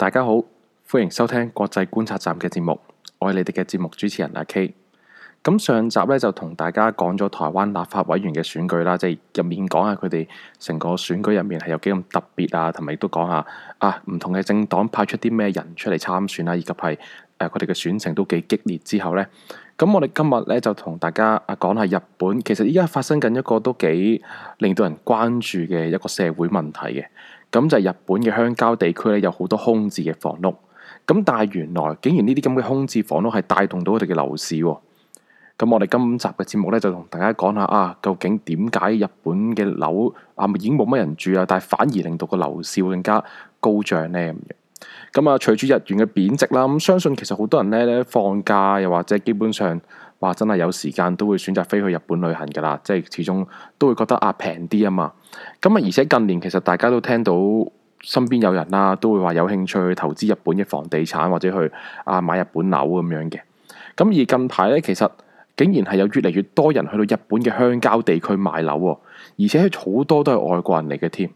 大家好，歡迎收聽國際觀察站嘅節目，我係你哋嘅節目主持人阿 K。咁上集咧就同大家講咗台灣立法委員嘅選舉啦，即係入面講下佢哋成個選舉入面係有幾咁特別啊，同埋亦都講下啊唔同嘅政黨派出啲咩人出嚟參選啊，以及係誒佢哋嘅選情都幾激烈之後呢，咁我哋今日咧就同大家啊講下日本，其實依家發生緊一個都幾令到人關注嘅一個社會問題嘅。咁就係日本嘅鄉郊地區咧，有好多空置嘅房屋。咁但係原來竟然呢啲咁嘅空置房屋係帶動到佢哋嘅樓市。咁我哋今集嘅節目咧就同大家講下啊，究竟點解日本嘅樓啊已經冇乜人住啊，但係反而令到個樓市會更加高漲呢，咁樣。咁啊，隨住日元嘅貶值啦，咁相信其實好多人咧咧放假又或者基本上。哇！真係有時間都會選擇飛去日本旅行㗎啦，即係始終都會覺得啊平啲啊嘛。咁啊，而且近年其實大家都聽到身邊有人啦、啊，都會話有興趣去投資日本嘅房地產或者去啊買日本樓咁樣嘅。咁而近排呢，其實竟然係有越嚟越多人去到日本嘅鄉郊地區買樓喎，而且好多都係外國人嚟嘅添。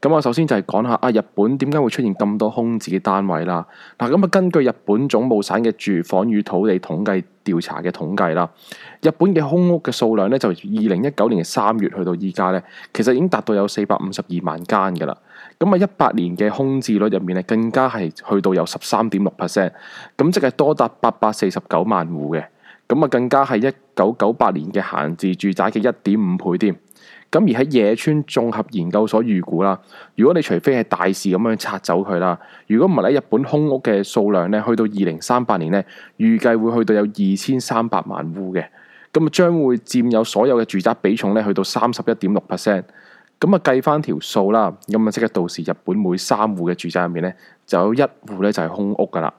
咁我首先就係講下啊日本點解會出現咁多空置嘅單位啦？嗱咁啊根據日本總務省嘅住房與土地統計調查嘅統計啦，日本嘅空屋嘅數量咧就二零一九年嘅三月去到而家咧，其實已經達到有四百五十二萬間㗎啦。咁啊一八年嘅空置率入面咧更加係去到有十三點六 percent，咁即係多達八百四十九萬戶嘅。咁啊更加係一九九八年嘅閒置住宅嘅一點五倍添。咁而喺野村綜合研究所預估啦，如果你除非係大事咁樣拆走佢啦，如果唔係喺日本空屋嘅數量咧，去到二零三八年咧，預計會去到有二千三百萬戶嘅，咁啊將會佔有所有嘅住宅比重咧，去到三十一點六 percent。咁啊計翻條數啦，咁啊即刻到時日本每三戶嘅住宅入面咧，就有一戶咧就係空屋噶啦。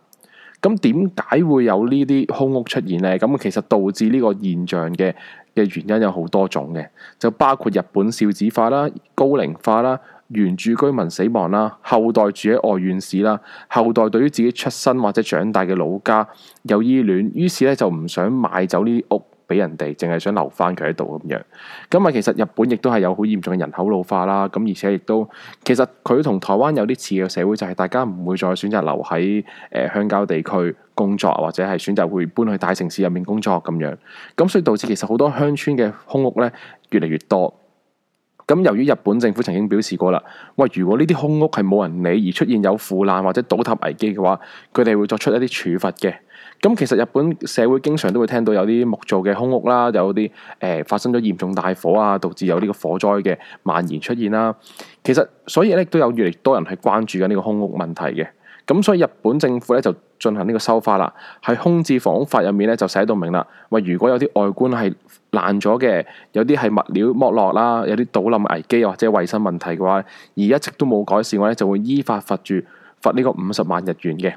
咁點解會有呢啲空屋出現咧？咁其實導致呢個現象嘅嘅原因有好多種嘅，就包括日本少子化啦、高齡化啦、原住居民死亡啦、後代住喺外縣市啦、後代對於自己出生或者長大嘅老家有依戀，於是咧就唔想賣走呢啲屋。俾人哋，淨係想留翻佢喺度咁樣。咁啊，其實日本亦都係有好嚴重嘅人口老化啦。咁而且亦都，其實佢同台灣有啲似嘅社會，就係、是、大家唔會再選擇留喺誒、呃、鄉郊地區工作，或者係選擇會搬去大城市入面工作咁樣。咁所以導致其實好多鄉村嘅空屋呢越嚟越多。咁由於日本政府曾經表示過啦，喂，如果呢啲空屋係冇人理而出現有腐爛或者倒塌危機嘅話，佢哋會作出一啲處罰嘅。咁其實日本社會經常都會聽到有啲木造嘅空屋啦，有啲誒、呃、發生咗嚴重大火啊，導致有呢個火災嘅蔓延出現啦。其實所以咧都有越嚟越多人係關注緊呢個空屋問題嘅。咁所以日本政府咧就進行呢個修法啦，喺空置房屋法入面咧就寫到明啦，喂，如果有啲外觀係爛咗嘅，有啲係物料剝落啦，有啲倒冧危機或者衞生問題嘅話，而一直都冇改善嘅話咧，就會依法罰住罰呢個五十萬日元嘅。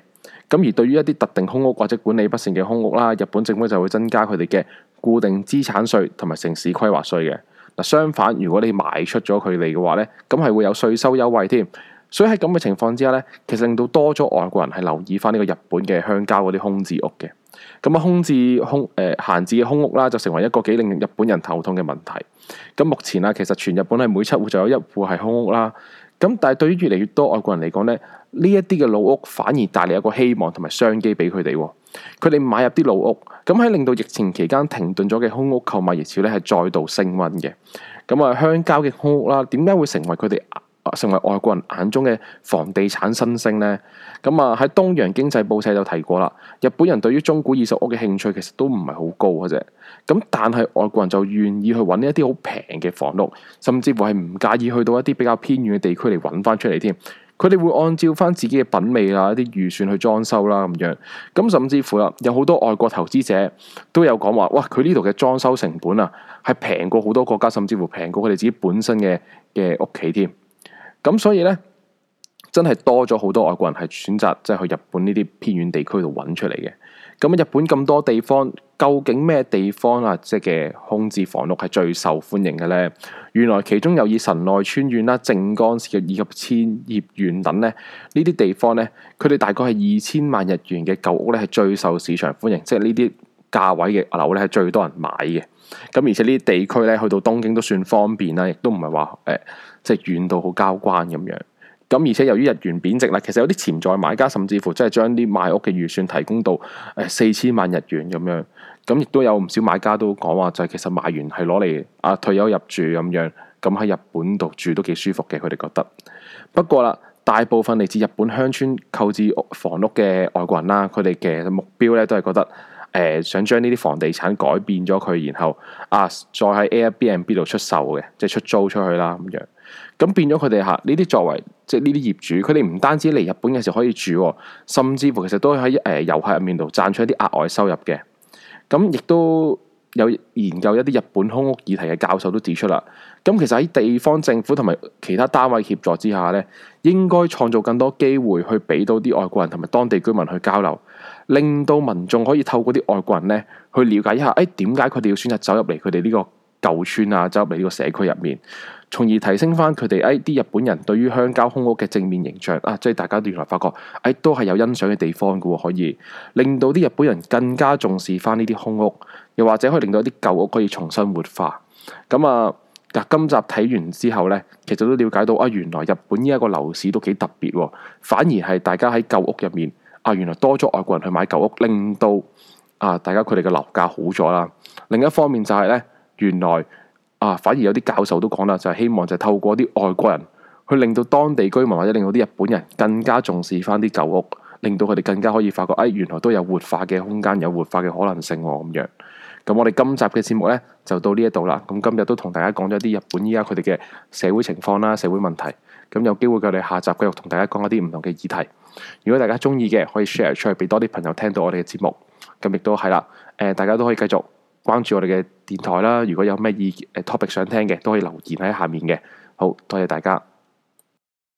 咁而對於一啲特定空屋或者管理不善嘅空屋啦，日本政府就會增加佢哋嘅固定資產稅同埋城市規劃稅嘅。嗱，相反，如果你賣出咗佢哋嘅話呢，咁係會有稅收優惠添。所以喺咁嘅情況之下呢，其實令到多咗外國人係留意翻呢個日本嘅鄉郊嗰啲空置屋嘅。咁啊，空置空誒呃、閒置嘅空屋啦，就成為一個幾令日本人頭痛嘅問題。咁目前啊，其實全日本係每七戶就有一戶係空屋啦。咁但係對於越嚟越多外國人嚟講咧，呢一啲嘅老屋反而帶嚟一個希望同埋商機俾佢哋，佢哋買入啲老屋，咁喺令到疫情期間停頓咗嘅空屋購買熱潮咧係再度升溫嘅。咁、嗯、啊，鄉郊嘅空屋啦，點解會成為佢哋？成為外國人眼中嘅房地產新星呢？咁啊喺東洋經濟報社就提過啦。日本人對於中古二手屋嘅興趣其實都唔係好高嘅啫，咁但係外國人就願意去揾一啲好平嘅房屋，甚至乎係唔介意去到一啲比較偏遠嘅地區嚟揾翻出嚟添。佢哋會按照翻自己嘅品味啊，一啲預算去裝修啦，咁樣。咁甚至乎啦，有好多外國投資者都有講話，哇！佢呢度嘅裝修成本啊，係平過好多國家，甚至乎平過佢哋自己本身嘅嘅屋企添。咁所以咧，真係多咗好多外國人係選擇即係去日本呢啲偏遠地區度揾出嚟嘅。咁日本咁多地方，究竟咩地方啊，即嘅空置房屋係最受歡迎嘅咧？原來其中又以神奈川縣啦、靜岡縣嘅以及千葉縣等咧，呢啲地方咧，佢哋大概係二千萬日元嘅舊屋咧係最受市場歡迎，即係呢啲價位嘅樓咧係最多人買嘅。咁而且呢啲地區咧，去到東京都算方便啦，亦都唔係話誒，即係遠到好交關咁樣。咁而且由於日元貶值啦，其實有啲潛在買家甚至乎即係將啲買屋嘅預算提供到誒四千萬日元咁樣。咁亦都有唔少買家都講話就係、是、其實買完係攞嚟啊退休入住咁樣。咁喺日本度住都幾舒服嘅，佢哋覺得。不過啦，大部分嚟自日本鄉村購置房屋嘅外國人啦，佢哋嘅目標咧都係覺得。誒，想將呢啲房地產改變咗佢，然後啊，再喺 Airbnb 度出售嘅，即係出租出去啦咁樣。咁變咗佢哋吓呢啲作為，即係呢啲業主，佢哋唔單止嚟日本嘅時候可以住，甚至乎其實都喺誒遊客入面度賺取一啲額外收入嘅。咁亦都有研究一啲日本空屋議題嘅教授都指出啦。咁其實喺地方政府同埋其他單位協助之下呢，應該創造更多機會去俾到啲外國人同埋當地居民去交流。令到民眾可以透過啲外國人咧去了解一下，誒點解佢哋要選擇走入嚟佢哋呢個舊村啊，走入嚟呢個社區入面，從而提升翻佢哋誒啲日本人對於鄉郊空屋嘅正面形象啊！即係大家都原來發覺誒都係有欣賞嘅地方嘅喎，可以令到啲日本人更加重視翻呢啲空屋，又或者可以令到啲舊屋可以重新活化。咁啊，嗱今集睇完之後呢，其實都了解到啊，原來日本呢一個樓市都幾特別，反而係大家喺舊屋入面。啊，原來多咗外國人去買舊屋，令到啊大家佢哋嘅樓價好咗啦。另一方面就係呢，原來啊反而有啲教授都講啦，就係希望就透過啲外國人去令到當地居民或者令到啲日本人更加重視翻啲舊屋，令到佢哋更加可以發覺誒原來都有活化嘅空間，有活化嘅可能性喎咁樣。咁我哋今集嘅節目呢就到呢一度啦。咁今日都同大家講咗啲日本依家佢哋嘅社會情況啦，社會問題。咁有機會我哋下集繼續同大家講一啲唔同嘅議題。如果大家中意嘅，可以 share 出去俾多啲朋友聽到我哋嘅節目。咁亦都係啦，誒、呃、大家都可以繼續關注我哋嘅電台啦。如果有咩意見、topic 想聽嘅，都可以留言喺下面嘅。好多謝大家。